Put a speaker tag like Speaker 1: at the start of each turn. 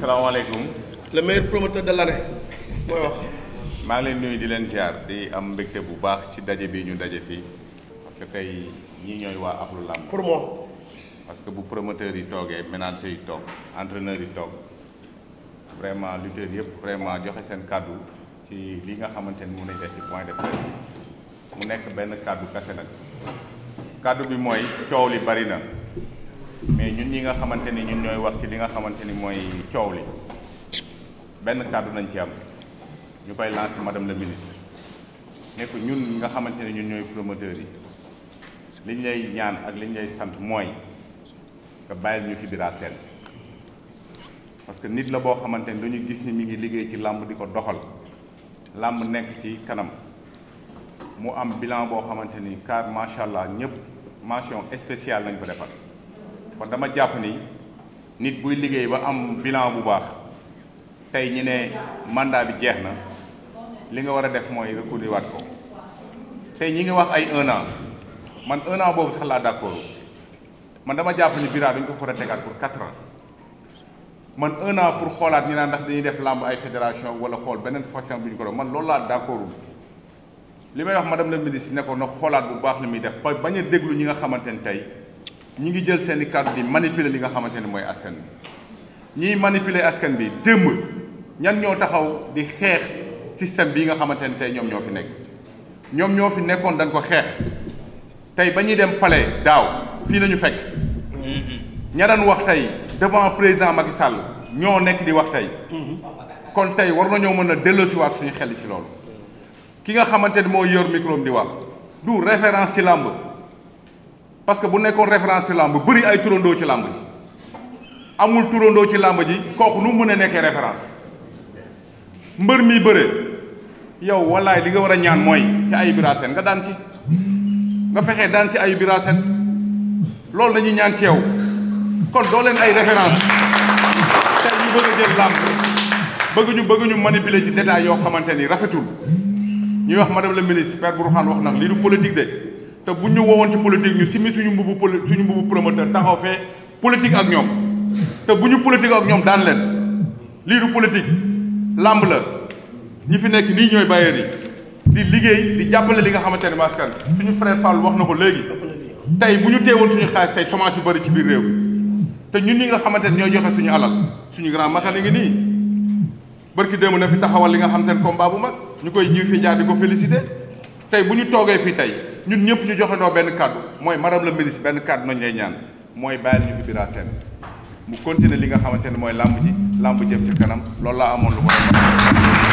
Speaker 1: salaamaaleykum. le meilleur promoteur de l'année mooy wax. maa ngi leen nuyu di leen ziar di am mbégte bu baax ci daje bi ñu daje fii parce que tey ñi ñooy waa Ahlou Lamb. pour moi. parce que bu promoteur yi toogee manager yi toog entraîneur yi toog vraiment lutteur yëpp vraiment joxe seen kàddu ci li nga xamante ni mun nañ def ci de presse mu nekk benn kàddu kase nag kàddu bi mooy coow li bari na. mais ñun ñi nga xamante ni ñun ñooy wax ci li nga xamante ni mooy coow li benn kàddu nañ ci am ñu koy lancé madame la ministre ne ko ñun nga xamante ni ñun ñooy promoteurs yi liñ lay ñaan ak liñ lay sant mooy nga bàyyil ñu fi Bira Sène parce que nit la boo xamante ni dañu gis ni mi ngi liggéey ci làmb di ko doxal làmb nekk ci kanam mu am bilan boo xamante ni car allah ñëpp mention spéciale lañ ko defal. man dama jàpp ni nit buy liggéey ba am bilan bu baax tey ñu ne mandat bi jeex na li nga war a def mooy recourir ko tey ñi ngi wax ay un an man un an boobu sax laa d'accord man dama jàpp ni bilan dañ ko war a tegaat pour quatre man un pour xoolaat ñu naan ndax dañuy def làmb ay fédération wala xool beneen façon bu ñu ko doon man loolu laa d'accord li may wax dem la ministre ne ko na xoolaat bu baax li muy def ba bañ a déglu ñi nga xamante ne tey. ñi ngi jël seen i carte di manipuler li nga xamante ne mooy askan bi ñiy manipuler askan bi démb ñan ñoo taxaw di xeex système bii nga xamante ne tey ñoom ñoo fi nekk ñoom ñoo fi nekkoon dañ ko xeex tey ba ñuy dem pale daaw fii lañu fekk ña daan wax tey devant président mag sàll ñoo nekk di wax tey kon tey war nañoo mën a delloosiwaat suñu xel ci loolu ki nga xamante ne moo yor micro di wax du référence ci làmb parce que bu nekkoon référence ci làmb bëri ay turandoo ci làmb ji amul turandoo ci làmb ji kooku nu mu mën a nekkee référence mbër mi bëre yow wallaay li nga war a ñaan mooy ci ay biraseen nga daan ci nga fexee daan ci ay biraseen loolu lañuy ñaan ci yow kon doo leen ay référence tey ñu bëgg a jël làmb bëgg ñu bëgg ñu manipuler ci détail yoo xamante ni rafetul ñuy wax madame la ministre Père Bourkhane wax na lii du politique de. te bu ñu wowoon ci politique ñu simi suñu mbubu poli suñu mbubu promoteur taxaw fee politique ak ñoom te bu ñu politique ak ñoom daan leen lii du politique làmb la ñi fi nekk nii ñooy bailleurs yi di liggéey di jàppale li nga xamante ne maskan ñu frère Fall wax na ko léegi tey bu ñu teewoon suñu xaalis tey chômage yu bari ci biir réew mi te ñun ñi nga xamante ne ñooy joxe suñu alal suñu grand makan ngi nii barki démb na fi taxawal li nga xamante ne combat bu mag ñu koy jiw fi jaar di ko félicité tey bu ñu toogee fii tey ñun ñëpp ñu joxandoo benn kàddu mooy madame la ministre benn kàddu nañ lay ñaan mooy bàyyil ñu fi Bira Sène mu continuer li nga xamante ne mooy làmb ji làmb jëm ci kanam loolu laa amoon lu ko